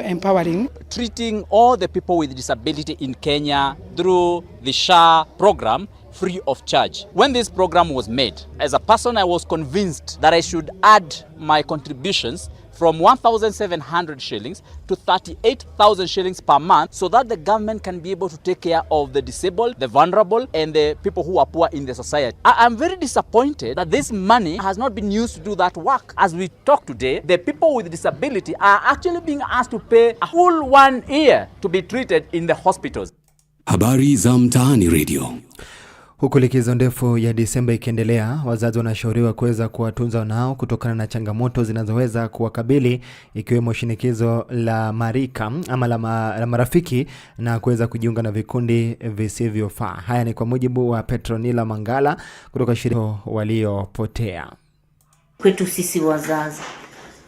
Empowering. Treating all the people with disability in Kenya through the SHA program free of charge. When this program was made, as a person I was convinced that I should add my contributions from 1,700 shillings to 38,000 shillings per month so that the government can be able to take care of the disabled, the vulnerable, and the people who are poor in the society. I am very disappointed that this money has not been used to do that work. As we talk today, the people with disability are actually being asked to pay a whole one year to be treated in the hospitals. Habari za Mtaani Radio. Huku likizo ndefu ya Disemba ikiendelea, wazazi wanashauriwa kuweza kuwatunza wanao kutokana na changamoto zinazoweza kuwakabili ikiwemo shinikizo la marika ama la, ma, la marafiki na kuweza kujiunga na vikundi visivyofaa. Haya ni kwa mujibu wa Petronila Mangala kutoka shirika Waliopotea. Kwetu sisi wazazi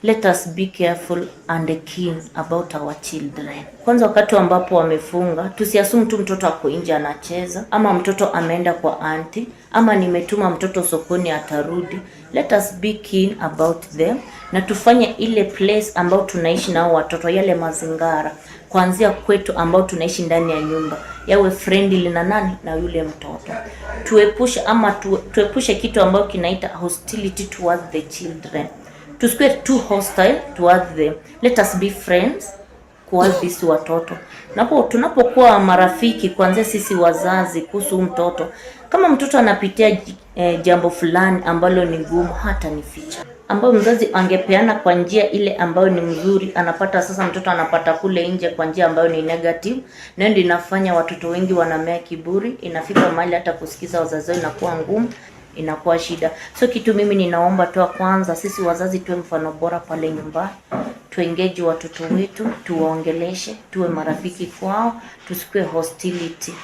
Let us be careful and keen about our children. Kwanza wakati ambapo wamefunga, tusiasumu tu mtoto ako nje anacheza, ama mtoto ameenda kwa anti, ama nimetuma mtoto sokoni atarudi. Let us be keen about them, na tufanye ile place ambao tunaishi nao watoto, yale mazingara kuanzia kwetu ambao tunaishi ndani ya nyumba yawe friendly na nani na yule mtoto. Tuepushe ama tuepushe kitu ambayo kinaita hostility towards the children to square too hostile towards them. Let us be friends kwa sisi watoto. Napo tunapokuwa marafiki kwanza sisi wazazi kuhusu mtoto. Kama mtoto anapitia eh, jambo fulani ambalo ni gumu hata ni ficha. Ambayo mzazi angepeana kwa njia ile ambayo ni mzuri, anapata sasa mtoto anapata kule nje kwa njia ambayo ni negative. Na ndio inafanya watoto wengi wanamea kiburi, inafika mahali hata kusikiza wazazi wao inakuwa ngumu inakuwa shida. So kitu mimi ninaomba tu, kwanza sisi wazazi tuwe mfano bora pale nyumbani, tuengeji watoto wetu, tuwaongeleshe, tuwe marafiki kwao, tusikue hostility.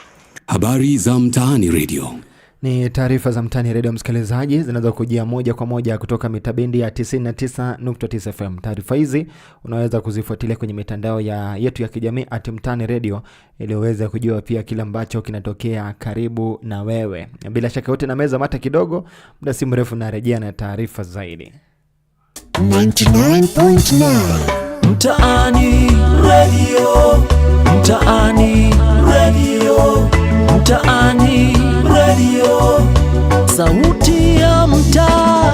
Habari za Mtaani Radio. Ni taarifa za mtaani redio msikilizaji, zinaweza kujia moja kwa moja kutoka mitabendi ya 99.9 FM. Taarifa hizi unaweza kuzifuatilia kwenye mitandao ya yetu ya kijamii at mtaani redio, ili uweze kujua pia kile ambacho kinatokea karibu na wewe. Bila shaka yote na meza mata kidogo, muda si mrefu narejea na taarifa zaidi. 99.9 Mtaani redio, mtaani redio, mtaani radio, sauti ya mtaa,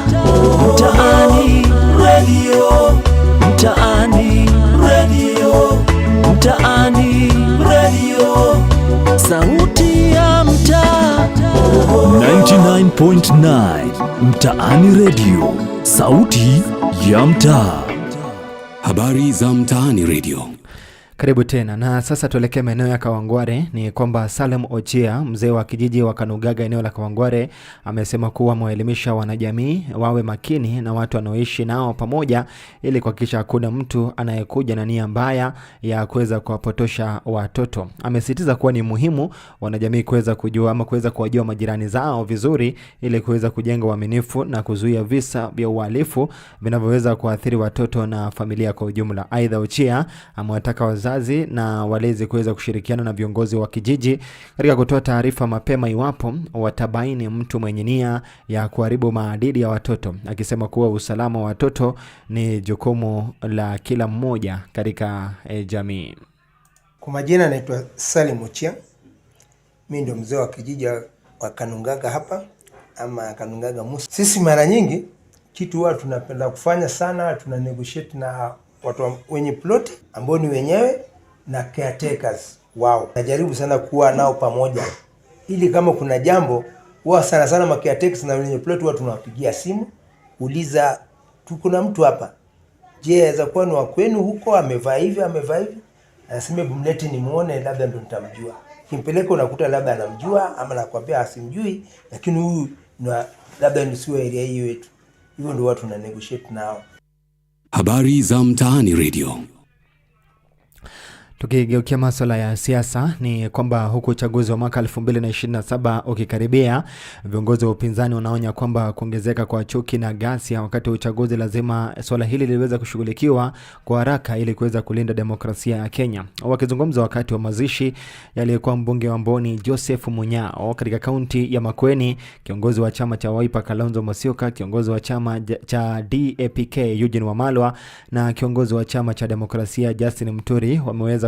mtaani radio, mtaani radio, mtaani radio, sauti ya mtaa 99.9 mtaani radio, sauti ya mtaa. Habari za mtaani radio. Karibu tena na sasa tuelekee maeneo ya Kawangware. Ni kwamba Salem Ochia, mzee wa kijiji wa Kanugaga, eneo la Kawangware, amesema kuwa amewaelimisha wanajamii wawe makini na watu wanaoishi nao pamoja, ili kuhakikisha hakuna mtu anayekuja na nia mbaya ya kuweza kuwapotosha watoto. Amesisitiza kuwa ni muhimu wanajamii kuweza kujua ama kuweza kuwajua majirani zao vizuri, ili kuweza kujenga uaminifu na kuzuia visa vya uhalifu vinavyoweza kuathiri watoto na familia kwa ujumla. Aidha, Ochia amewataka wazazi wazazi na walezi kuweza kushirikiana na viongozi wa kijiji katika kutoa taarifa mapema iwapo watabaini mtu mwenye nia ya kuharibu maadili ya watoto, akisema kuwa usalama wa watoto ni jukumu la kila mmoja katika e, jamii. Kwa majina anaitwa Salim Uchia, mimi ndio mzee wa kijiji wa Kanungaga hapa ama Kanungaga Musa. Sisi mara nyingi kitu huwa tunapenda kufanya sana, tuna negotiate na watu wenye plot ambao ni wenyewe na caretakers wao. Najaribu sana kuwa nao pamoja, ili kama kuna jambo wao, sana sana ma caretakers na wenye plot wao, tunawapigia simu kuuliza, tu, kuna mtu hapa, je, aweza kuwa ni wa kwenu huko, amevaa hivi, amevaa hivi, anasema hebu mlete nimuone, labda ndo nitamjua. Kimpeleka unakuta labda anamjua ama nakwambia asimjui, ah, lakini huyu labda ni sio area hiyo yetu. Hivyo ndio watu na negotiate nao. Habari za Mtaani Radio. Tukigeukia masuala ya siasa ni kwamba huku uchaguzi wa mwaka 2027 ukikaribia, viongozi wa upinzani wanaonya kwamba kuongezeka kwa chuki na ghasia wakati wa uchaguzi, lazima suala hili liweze kushughulikiwa kwa haraka ili kuweza kulinda demokrasia ya Kenya. Wakizungumza wakati wa mazishi yaliyekuwa mbunge wa Mboni Joseph Munyao katika kaunti ya Makueni, kiongozi wa chama cha Wiper Kalonzo Musyoka, kiongozi wa chama cha DAPK Eugene Wamalwa na kiongozi wa chama cha demokrasia Justin Muturi wameweza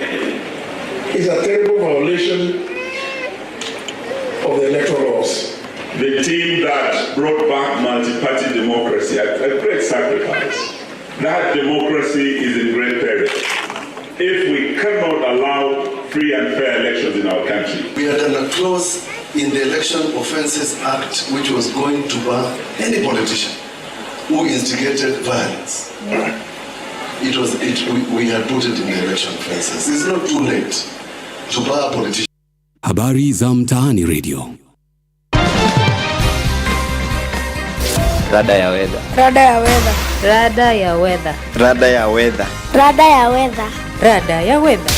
is a terrible violation of the electoral laws. The team that brought back multi-party democracy at a great sacrifice. That democracy is in great peril if we cannot allow free and fair elections in our country. We had done a clause in the Election Offences Act, which was going to ban any politician who instigated violence. it was it we, we had put it in the election process. It's not too late to buy a politician. Habari za Mtaani Radio. Rada ya Weather. Rada ya Weather. Rada ya Weather. Rada ya Weather. Rada ya Weather. Rada ya Weather.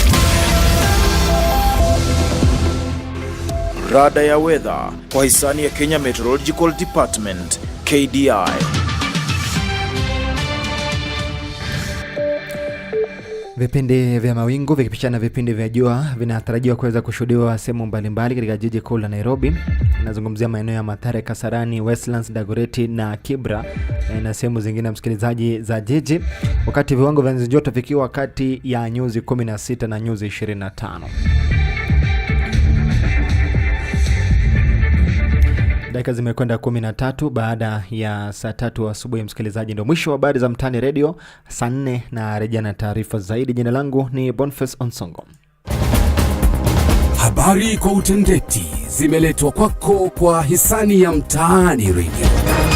Rada ya Weather kwa hisani ya Kenya Meteorological Department KDI. Vipindi vya mawingu vikipishana na vipindi vya jua vinatarajiwa kuweza kushuhudiwa sehemu mbalimbali katika jiji kuu la Nairobi. Nazungumzia maeneo ya Mathare, Kasarani, Westlands, Dagoretti na Kibra eh, na sehemu zingine msikilizaji za jiji, wakati viwango vya nyuzi joto vikiwa kati ya nyuzi 16 na nyuzi 25. Dakika zimekwenda kumi na tatu baada ya saa tatu asubuhi. Msikilizaji, ndio mwisho wa habari za Mtaani Redio. Saa nne na rejea na taarifa zaidi. Jina langu ni Boniface Onsongo. Habari kwa utendeti zimeletwa kwako kwa hisani ya Mtaani Redio.